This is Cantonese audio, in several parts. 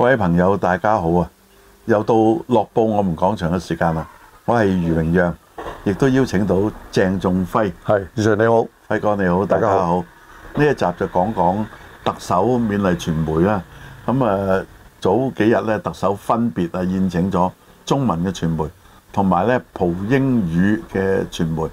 各位朋友，大家好啊！又到《樂報我哋講場嘅時間啦。我係余榮讓，亦都邀請到鄭仲輝。余 sir 你好，輝哥你好，大家好。呢一集就講講特首勉勵傳媒啦。咁啊，早幾日咧，特首分別啊宴請咗中文嘅傳媒，同埋咧葡英語嘅傳媒。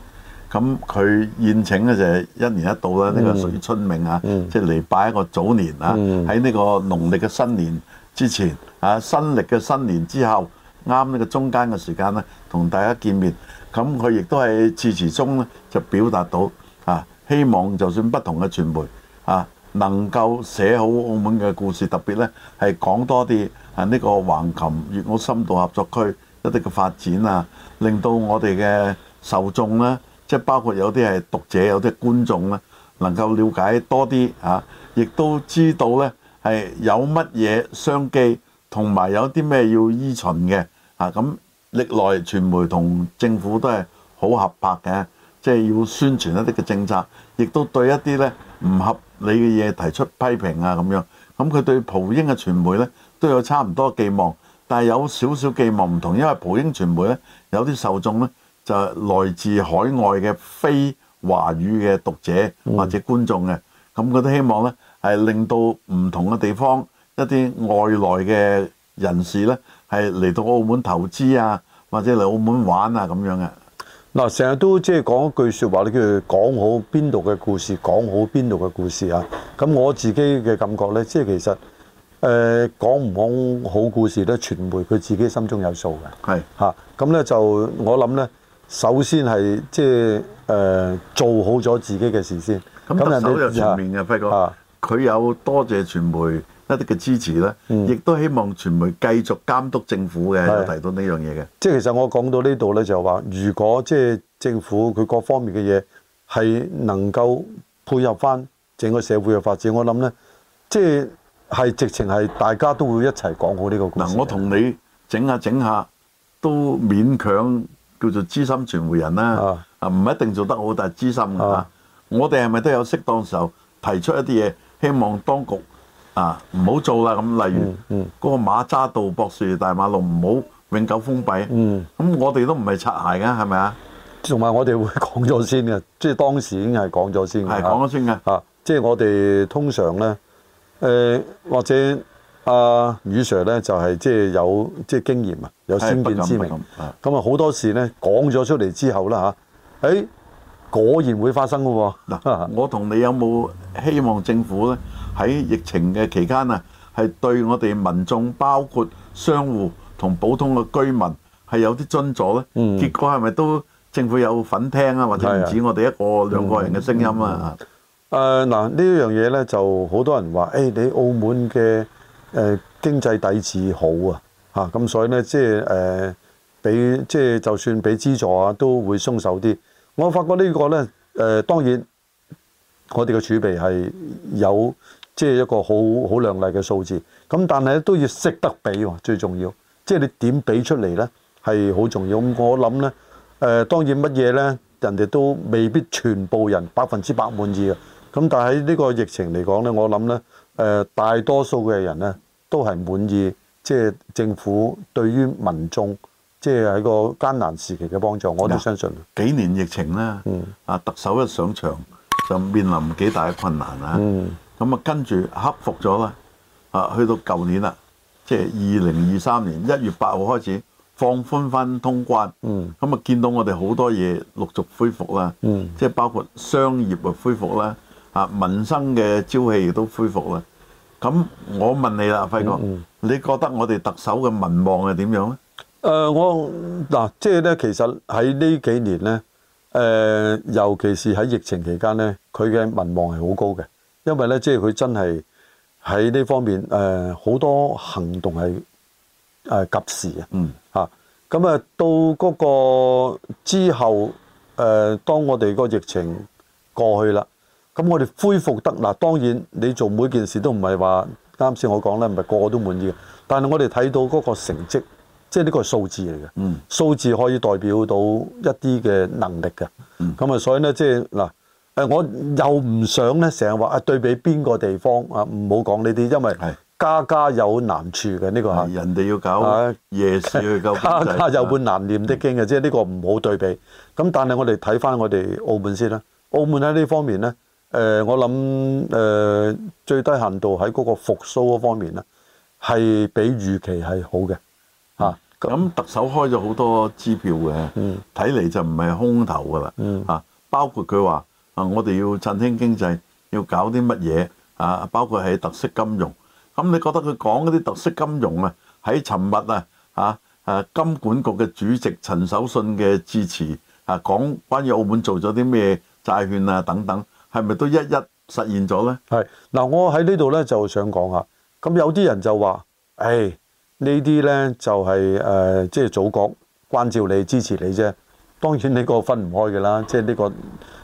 咁佢宴請嘅就係一年一度啦。呢、嗯呢個屬於春茗啊，即係嚟拜一個早年啊，喺呢個農曆嘅新年。嗯之前啊，新歷嘅新年之後，啱呢個中間嘅時間咧，同大家見面。咁佢亦都喺致辭中咧，就表達到啊，希望就算不同嘅傳媒啊，能夠寫好澳門嘅故事，特別咧係講多啲啊呢個橫琴粵澳深度合作區一啲嘅發展啊，令到我哋嘅受眾咧，即係包括有啲係讀者，有啲觀眾咧，能夠瞭解多啲啊，亦都知道咧。係有乜嘢商機，同埋有啲咩要依循嘅啊？咁歷來傳媒同政府都係好合拍嘅，即係要宣傳一啲嘅政策，亦都對一啲呢唔合理嘅嘢提出批評啊咁樣。咁佢對蒲英嘅傳媒呢都有差唔多嘅寄望，但係有少少寄望唔同，因為蒲英傳媒呢，有啲受眾呢就係來自海外嘅非華語嘅讀者或者觀眾嘅，咁佢都希望呢。係令到唔同嘅地方一啲外來嘅人士咧，係嚟到澳門投資啊，或者嚟澳門玩啊咁樣嘅、啊。嗱，成日都即係講一句説話你叫講好邊度嘅故事，講好邊度嘅故事啊。咁我自己嘅感覺咧，即、就、係、是、其實誒、呃、講唔好好故事咧，傳媒佢自己心中有數嘅。係嚇，咁、啊、咧就我諗咧，首先係即係誒做好咗自己嘅事先，咁得手又全面嘅、啊，輝哥。佢有多謝傳媒一啲嘅支持咧，亦、嗯、都希望傳媒繼續監督政府嘅，提到呢樣嘢嘅。即係其實我講到呢度咧，就係話如果即係政府佢各方面嘅嘢係能夠配合翻整個社會嘅發展，我諗咧，即係係直情係大家都會一齊講好呢個故事。嗱，我同你整下整下都勉強叫做資深傳媒人啦，啊，唔一定做得好，但係資深嘅㗎、啊。我哋係咪都有適當時候提出一啲嘢？希望當局啊，唔好做啦，咁，例如嗰、嗯嗯那個馬揸道博士大馬路唔好永久封閉。咁、嗯、我哋都唔係擦鞋嘅，係咪啊？同埋我哋會講咗先嘅，即、就、係、是、當時已經係講咗先嘅。係講咗先嘅。啊，即、就、係、是、我哋通常咧，誒、呃、或者阿余、呃、Sir 咧就係即係有即係、就是、經驗啊，有先見之明。咁啊，好多事咧講咗出嚟之後啦嚇，誒。果然會發生噶喎！我同你有冇希望政府呢？喺疫情嘅期間啊，係對我哋民眾包括商戶同普通嘅居民係有啲津助呢？嗯、結果係咪都政府有份聽啊？或者唔止我哋一個、啊、兩個人嘅聲音啊？誒、嗯、嗱，呢、嗯嗯呃、樣嘢呢，就好多人話誒、哎，你澳門嘅誒、呃、經濟底子好啊，嚇、啊、咁所以呢，即係誒俾即係就算俾資助啊，都會鬆手啲。我發覺呢個呢，誒、呃、當然我哋嘅儲備係有，即係一個好好亮麗嘅數字。咁但係都要識得俾喎，最重要。即係你點俾出嚟呢，係好重要。咁我諗呢，誒、呃、當然乜嘢呢，人哋都未必全部人百分之百滿意嘅。咁但係喺呢個疫情嚟講呢，我諗呢，誒大多數嘅人呢，都係滿意，即係政府對於民眾，即係喺個艱難時期嘅幫助，我哋相信幾年疫情咧，啊特首一上場就面臨幾大困難啊。咁啊，跟住克服咗啦，啊去到舊年啦，即係二零二三年一月八號開始放寬翻通關，咁啊見到我哋好多嘢陸續恢復啦，即係包括商業啊恢復啦，啊民生嘅朝氣亦都恢復啦。咁我問你啦，輝哥，你覺得我哋特首嘅民望係點樣咧？誒我嗱，即係咧，其實喺呢幾年咧，誒尤其是喺疫情期間咧，佢嘅民望係好高嘅，因為咧，即係佢真係喺呢方面誒好多行動係誒及時啊。嗯。嚇，咁啊，到嗰個之後，誒當我哋個疫情過去啦，咁我哋恢復得嗱，當然你做每件事都唔係話啱先我講咧，唔係個個都滿意嘅，但係我哋睇到嗰個成績。即係呢個係數字嚟嘅、嗯，數字可以代表到一啲嘅能力嘅。咁、嗯就是呃、啊，所以咧，即係嗱，誒我又唔想咧成日話對比邊個地方啊，唔好講呢啲，因為家家有難處嘅呢、呢個係人哋要搞夜市要、啊、家家有本難念的經嘅，即係呢個唔好對比。咁但係我哋睇翻我哋澳門先啦，澳門喺呢方面咧，誒、呃、我諗誒、呃、最低限度喺嗰個復甦方面咧，係比預期係好嘅。咁特首開咗好多支票嘅，睇嚟就唔係空頭噶啦。啊，包括佢話啊，我哋要振興經濟，要搞啲乜嘢啊？包括係特色金融。咁你覺得佢講嗰啲特色金融啊，喺尋日啊，啊，金管局嘅主席陳守信嘅致辭啊，講關於澳門做咗啲咩債券啊等等，係咪都一一實現咗呢？係。嗱，我喺呢度呢就想講下，咁有啲人就話，誒。呢啲咧就係即係祖國關照你、支持你啫。當然你個分唔開嘅啦，即係呢個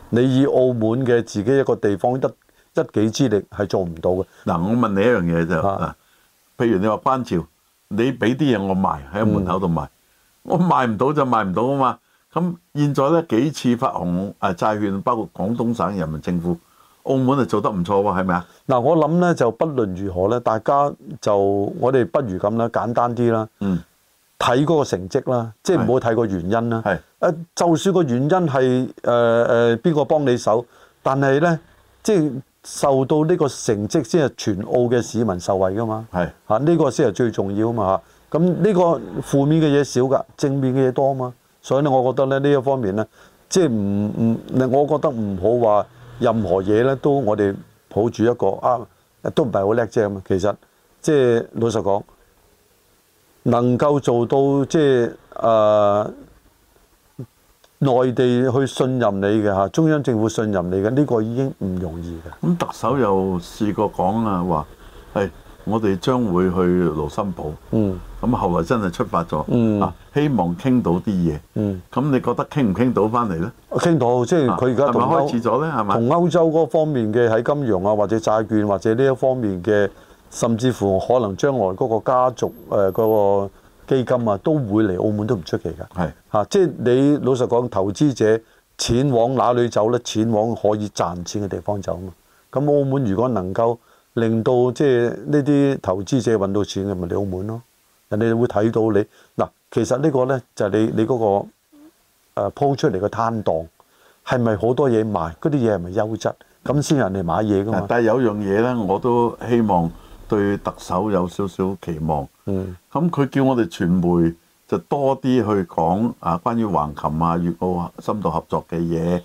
你以澳門嘅自己一個地方得一己之力係做唔到嘅。嗱、啊，我問你一樣嘢就譬如你話班照你俾啲嘢我賣喺門口度賣，嗯、我賣唔到就賣唔到啊嘛。咁現在咧幾次發紅啊債券，包括廣東省人民政府。澳門就做得唔錯喎，係咪啊？嗱、嗯，我諗咧就不論如何咧，大家就我哋不如咁啦，簡單啲啦，嗯，睇嗰個成績啦，即係唔好睇個原因啦，係，啊，就算個原因係誒誒，邊個幫你手，但係咧，即、就、係、是、受到呢個成績先係全澳嘅市民受惠噶嘛，係，吓、啊、呢、呢個先係最重要啊嘛，咁呢個負面嘅嘢少噶，正面嘅嘢多啊嘛，所以咧、就是，我覺得咧呢一方面咧，即係唔唔，我覺得唔好話。任何嘢咧，都我哋抱住一個啊，都唔係好叻啫，咁其實即係、就是、老實講，能夠做到即係啊，內地去信任你嘅嚇，中央政府信任你嘅呢、這個已經唔容易嘅。咁特首又試過講啦話係，我哋將會去盧森堡、嗯，咁後來真係出發咗、嗯，希望傾到啲嘢。咁你覺得傾唔傾到翻嚟咧？傾到，即係佢而家同開始咗咧？係咪同歐洲嗰方面嘅喺金融啊，或者債券或者呢一方面嘅，甚至乎可能將來嗰個家族誒嗰、呃嗰個基金啊，都會嚟澳門都唔出奇㗎。係啊，即係你老實講，投資者錢往哪裡走咧？錢往可以賺錢嘅地方走嘛。咁澳門如果能夠令到即係呢啲投資者揾到錢嘅，咪嚟你澳門咯。人哋會睇到你嗱，其實呢個咧就係你你嗰個誒鋪出嚟嘅攤檔係咪好多嘢賣？嗰啲嘢係咪優質？咁先人哋買嘢㗎嘛。但係有樣嘢咧，我都希望對特首有少少期望。嗯。咁佢叫我哋傳媒就多啲去講啊，關於橫琴啊、粵澳深度合作嘅嘢。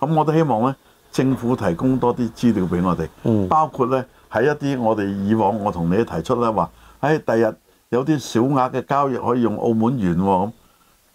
咁我都希望咧，政府提供多啲資料俾我哋，包括咧，喺一啲我哋以往我同你提出咧話、哎，誒第日有啲小額嘅交易可以用澳門元喎咁，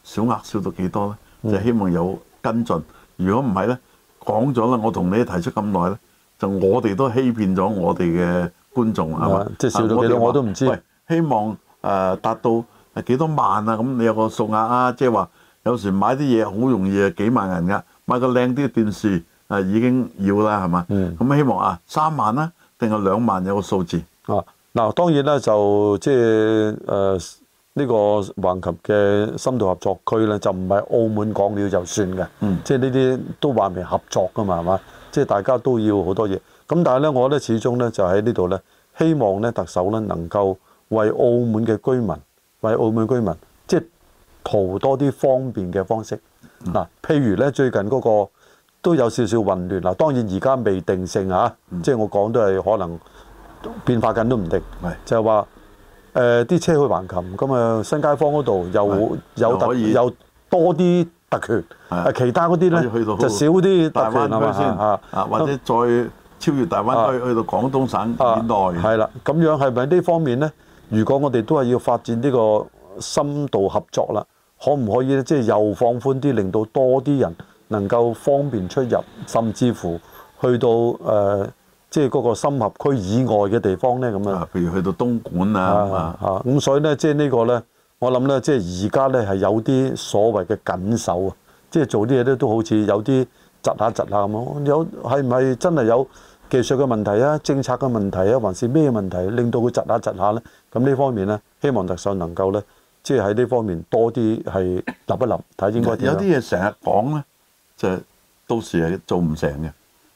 小額少到幾多咧？嗯、就希望有跟進。如果唔係咧，講咗啦，我同你提出咁耐咧，就我哋都欺騙咗我哋嘅觀眾係嘛、啊？即係少到我，我都唔知道。希望誒、呃、達到幾多萬啊？咁你有個數額啊？即係話有時買啲嘢好容易係幾萬銀噶，買個靚啲嘅電視啊已經要啦係嘛？咁、嗯、希望啊三萬啦、啊。定係兩萬有個數字啊！嗱，當然咧就即係誒呢個橫琴嘅深度合作區咧，就唔係澳門講了就算嘅，嗯，即係呢啲都話明合作噶嘛，係嘛？即係大家都要好多嘢。咁但係咧，我覺得始終咧就喺呢度咧，希望咧特首咧能夠為澳門嘅居民，為澳門居民即係圖多啲方便嘅方式。嗱，啊，譬如咧最近嗰個。都有少少混亂啦，當然而家未定性啊，即係我講都係可能變化緊都唔定，係就係話誒啲車去橫琴咁啊新街坊嗰度又又特又多啲特權，其他嗰啲咧就少啲特權啊，大灣區先，或者再超越大灣區去到廣東省內，係啦，咁樣係咪呢方面咧？如果我哋都係要發展呢個深度合作啦，可唔可以即係、咧、又放寬啲，令到多啲人能夠方便出入，甚至乎去到誒即係嗰個深合區以外嘅地方咧，咁啊，譬如去到東莞啊，嚇，啊，咁，所以咧，即係呢個咧，我諗咧，即係而家咧係有啲所謂嘅緊守啊，即係做啲嘢咧都好似有啲窒下窒下咁。有係唔係真係有技術嘅問題啊、政策嘅問題啊，還是咩問題令到佢窒下窒下咧？咁呢方面啊，希望特首能夠咧，即係喺呢方面多啲係諗一諗。睇應該點。有啲嘢成日講咧。即係到時係做唔成嘅，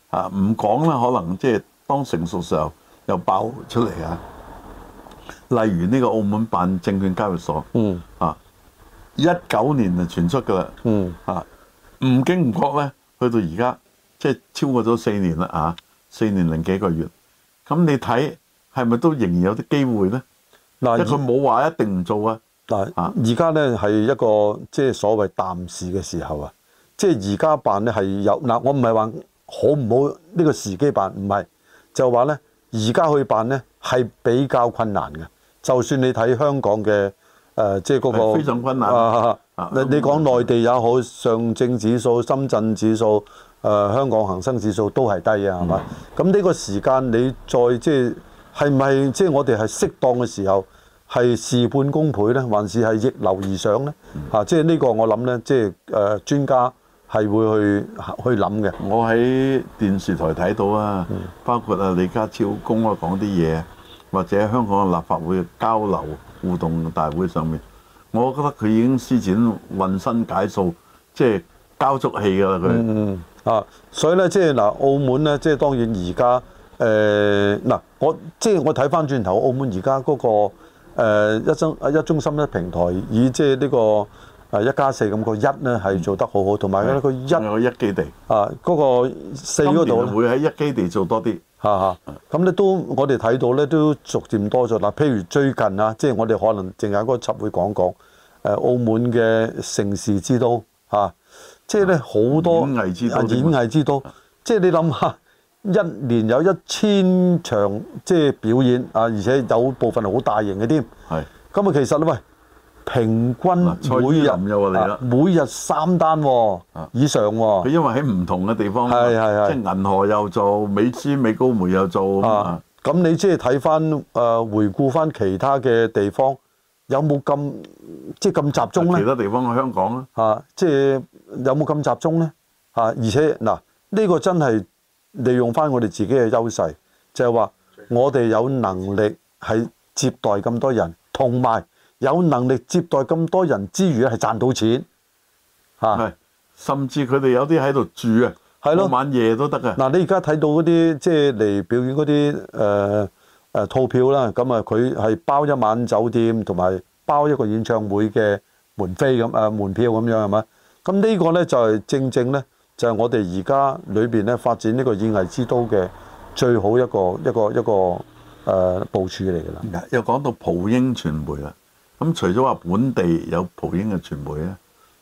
啊唔講啦，可能即係當成熟時候又爆出嚟啊！例如呢個澳門辦證券交易所，啊，嗯，啊一九年就傳出噶啦，嗯，啊唔經唔覺咧，去到而家即係超過咗四年啦，啊，四年零幾個月，咁你睇係咪都仍然有啲機會咧？嗱，佢冇話一定唔做啊！但係，而家咧係一個即係所謂淡市嘅時候啊！即係而家辦咧係有嗱，我唔係話好唔好呢個時機辦，唔係就話咧而家去辦咧係比較困難嘅。就算你睇香港嘅誒、呃，即係、那、嗰個非常困難、啊嗯。你你講內地也好，上證指數、深圳指數、誒、呃、香港恒生指數都係低嘅，係、嗯、嘛？咁呢個時間你再即係係唔係即係我哋係適當嘅時候係事半功倍咧，還是係逆流而上咧？嚇、啊！即係呢個我諗咧，即係誒、呃、專家。係會去去諗嘅。我喺電視台睇到啊，包括啊李家超公啊講啲嘢，或者在香港立法會交流互動大會上面，我覺得佢已經施展渾身解數，即係交足氣㗎啦佢。啊，所以咧即係嗱，澳門咧即係當然而家誒嗱，我即係、就是、我睇翻轉頭澳門而家嗰個誒、呃、一中一中心一平台，以即係呢個。一加四咁、個一咧係做得好好，同埋咧個一，一基地，啊嗰、個四嗰度會喺一基地做多啲，嚇咁咧都我哋睇到咧都逐漸多咗啦。譬如最近啊，即係我哋可能淨係嗰集會講講、啊、澳門嘅城市之都，啊、即係咧好多演藝之都、啊，演藝之都、啊啊、即係你諗下，一年有一千場即係表演啊，而且有部分係好大型嘅添。係。今、啊、其實喂。平均每日每日三單以上喎。佢因為喺唔同嘅地方，即係銀河又做，美資美高梅又做啊。咁你即係睇翻誒，回顧翻其他嘅地方，有冇咁即係咁集中咧？其他地方喺香港咧，嚇，即係有冇咁集中咧？嚇，而且嗱，呢個真係利用翻我哋自己嘅優勢，就係話我哋有能力係接待咁多人，同埋。有能力接待咁多人之餘咧，係賺到錢嚇，甚至佢哋有啲喺度住啊，係咯，晚夜都得嘅。嗱，你而家睇到嗰啲即係嚟表演嗰啲誒誒套票啦，咁啊佢係包一晚酒店同埋包一個演唱會嘅門飛咁啊門票咁、呃、樣係咪？咁呢個咧就係、是、正正咧就係、是、我哋而家裏邊咧發展呢個演藝之都嘅最好一個一個一個誒、呃、部署嚟㗎啦。又講到蒲英傳媒啦。咁除咗話本地有蒲英嘅傳媒咧，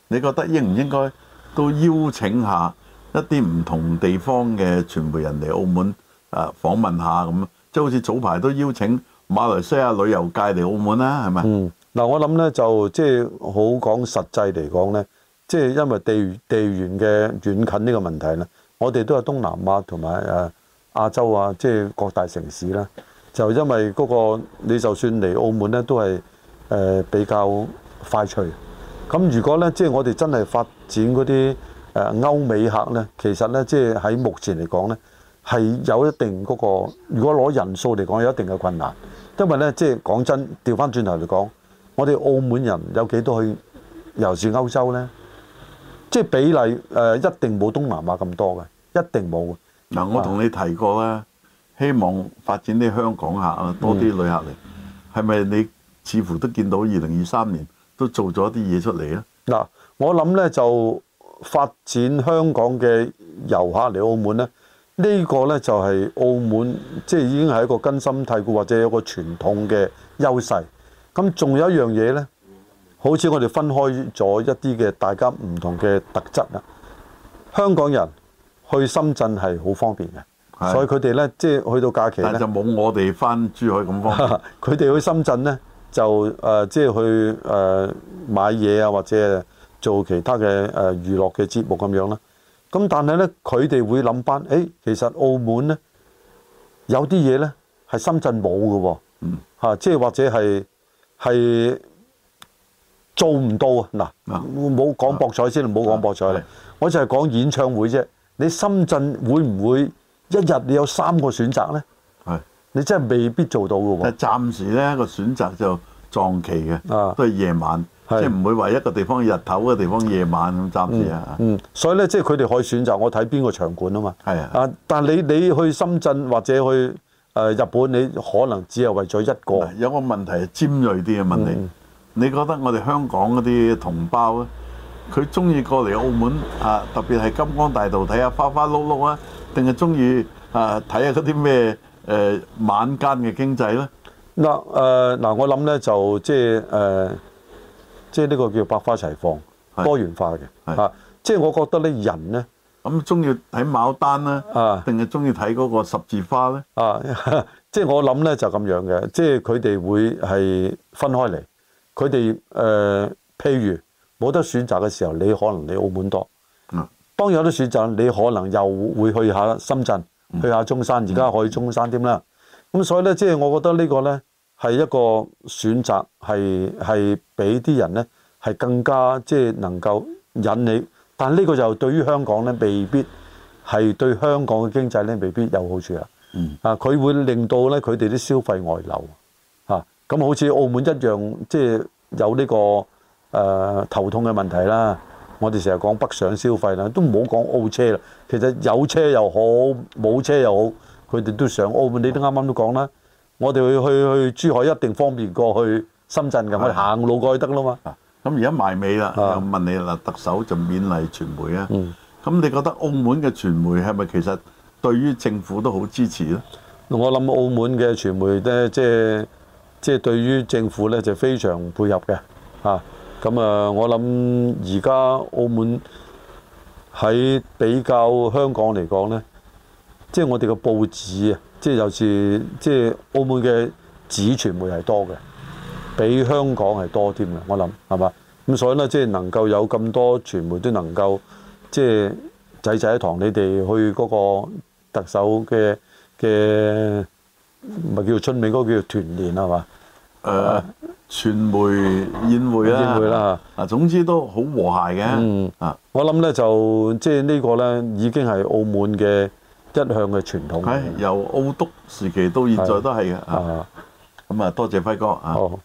你覺得應唔應該都邀請下一啲唔同地方嘅傳媒人嚟澳門啊訪問下咁？即係好似早排都邀請馬來西亞旅遊界嚟澳門啦，係咪？嗯，嗱，我諗咧就即係、就是、好講實際嚟講咧，即、就、係、是、因為地地緣嘅遠近呢個問題咧，我哋都有東南亞同埋誒亞洲啊，即、就、係、是、各大城市啦。就因為嗰、那個你就算嚟澳門咧，都係。誒比較快脆咁，如果咧，即係我哋真係發展嗰啲誒歐美客咧，其實咧，即係喺目前嚟講咧，係有一定嗰個。如果攞人數嚟講，有一定嘅困難，因為咧，即係講真，調返轉頭嚟講，我哋澳門人有幾多去遊説歐洲咧？即係比例誒，一定冇東南亞咁多嘅，一定冇嘅。嗱，我同你提過啦，希望發展啲香港客啊，多啲旅客嚟，係咪你？似乎都見到二零二三年都做咗啲嘢出嚟啦。嗱，我諗呢就發展香港嘅遊客嚟澳門咧，呢、這個呢就係、是、澳門即係、就是、已經係一個根深蒂固或者有個傳統嘅優勢。咁仲有一樣嘢呢，好似我哋分開咗一啲嘅大家唔同嘅特質啦。香港人去深圳係好方便嘅，所以佢哋呢，即、就、係、是、去到假期咧就冇我哋翻珠海咁方便。佢 哋去深圳呢。就、呃、即係去誒、呃、買嘢啊，或者做其他嘅誒、呃、娛樂嘅節目咁樣啦。咁但係咧，佢哋會諗翻、欸，其實澳門咧有啲嘢咧係深圳冇嘅喎，嚇，即係或者係係做唔到啊！嗱，冇講博彩先，冇、啊、講博彩啦，我就係講演唱會啫。你深圳會唔會一日你有三個選擇咧？你真係未必做到嘅喎、啊。暫時咧個選擇就撞期嘅、啊，都係夜晚，即係唔會話一個地方日頭嘅地方夜晚咁暫時啊、嗯。嗯，所以呢，即係佢哋可以選擇，我睇邊個場館啊嘛。係啊，啊。但係你你去深圳或者去誒、呃、日本，你可能只係為咗一個。有個問題係尖鋭啲嘅問題、嗯。你覺得我哋香港嗰啲同胞咧，佢中意過嚟澳門啊，特別係金光大道睇下花花碌碌啊，定係中意啊睇下嗰啲咩？誒、呃，晚間嘅經濟咧，嗱、呃、誒，嗱、呃、我諗咧就即係誒，即係呢個叫百花齊放，的多元化嘅，係、啊，即係我覺得咧，人咧咁中意睇牡丹咧，啊、嗯，定係中意睇嗰個十字花咧，呃，啊，即係、就是，我諗咧就咁樣嘅，即係佢哋會係分開嚟，佢哋誒，譬如冇得選擇嘅時候，你可能嚟澳門多，嗯，當有得選擇，你可能又會去下深圳。去下中山，而家可以中山添啦。咁、嗯、所以咧，即係我覺得呢個咧係一個選擇，係係俾啲人咧係更加即係能夠引起，但呢個就對於香港咧未必係對香港嘅經濟咧未必有好處啊、嗯。啊，佢會令到咧佢哋啲消費外流啊，咁好似澳門一樣，即係有呢個誒頭痛嘅問題啦。我哋成日講北上消費啦，都唔好講澳車啦。其實有車又好，冇車又好，佢哋都上澳門。你都啱啱都講啦。我哋去去去珠海一定方便過去深圳噶，我哋行路過去得啦嘛。咁而家埋尾啦，又問你啦，特首就勉勵傳媒啊。咁你覺得澳門嘅傳媒係咪其實對於政府都好支持咧？我諗澳門嘅傳媒咧，即係即係對於政府咧就非常配合嘅，啊。咁啊，我諗而家澳門喺比較香港嚟講咧，即係我哋嘅報紙啊，即係有時即係澳門嘅紙傳媒係多嘅，比香港係多啲嘅。我諗係嘛？咁所以咧，即係能夠有咁多傳媒都能夠即係仔仔一堂，你哋去嗰個特首嘅嘅唔係叫春茗，嗰個叫團年係嘛？誒、呃，傳媒宴會啦，啊、嗯，總之都好和諧嘅。嗯啊、嗯，我諗咧就即係、就是、呢個咧，已經係澳門嘅一向嘅傳統。係、哎，由澳督時期到現在都係嘅。啊，咁啊、嗯，多謝輝哥啊。哦